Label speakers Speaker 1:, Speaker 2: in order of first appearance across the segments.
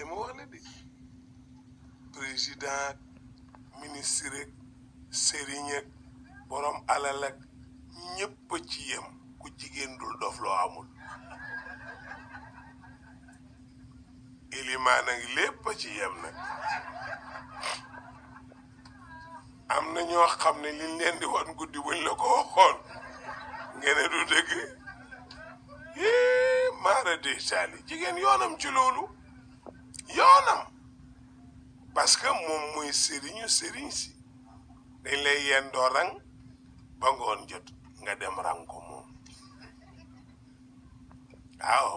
Speaker 1: kaay ma wax la de président ministre ak sëriñ ak borom alal ak ñëpp a ci yem ku jigéen dul dof loo amul ilimaan ak lépp a ci yem nag am na ñoo xam ne liñ leen di wan guddi buñ la ko waxoon nga ne du dëgg maara de saali jigéen yoonam ci loolu parce que mom moy serigne serigne si dañ lay yendoo rang ba ngone jot nga dem rang ko mom aw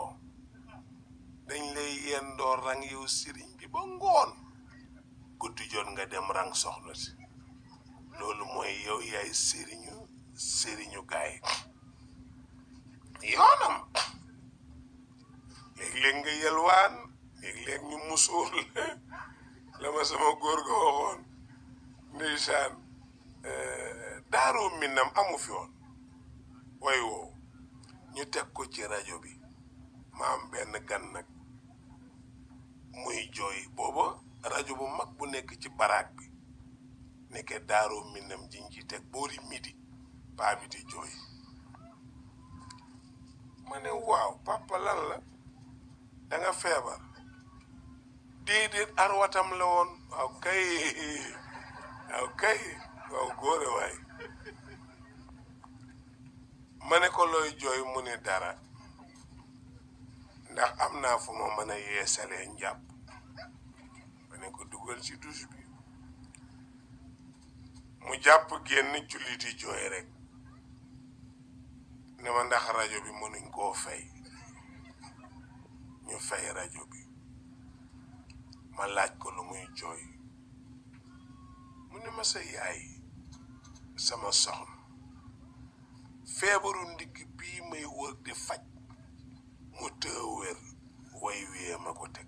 Speaker 1: dañ lay yendoo rang yow serigne bi ba ngoon guddi jot nga dem rang soxna si lolou moy yow yaay serigne serigne gaay yonam leg leg nga leg leg ñu musul la ma sama góor ga waxoon ndeysaan eh, daaru minnam amu fi woon way ñu teg ko ci rajo bi ma am benn gan nag muy jooy booba rajo bu mag bu nekk ci baraag bi nekke daaru minnam jiñ ci teg boori midi paa bi di jooy ma ne waaw papa la da nga feebar Didit arwatam la won waaw kay waaw kay waaw góore ko loy joy dara ndax amna fu mo mané yéssalé yeesalee mané ko duggal ci douche bi mu japp génn julliti joy rek ne ma ndax radio bi mënuñ ko fay ñu fay radio bi ma laaj ko lu muy jooy mu ne ma sa yaay sama soxna feebaru ndigg bii may wër di faj mu tëw wér ma ko teg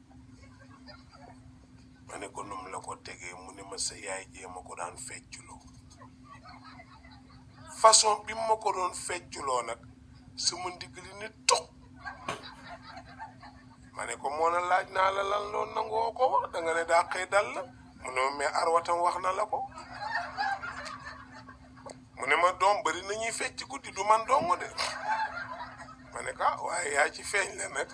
Speaker 1: ma ne ko num la ko tegee mu ne ma sa yaay jee ma ko daan fecculoo façon bi ma ko doon fecculoo nag sama ndigg li ne tux ma ne ko moo laaj na la lan loo nangoo ko wax da ne daa xëy dal la mu ne ma mais arwatam wax na la ko mu ne ma doom bari nañuy fecc guddi du man dong de ma ne ah, waaye yaa feeñ la nag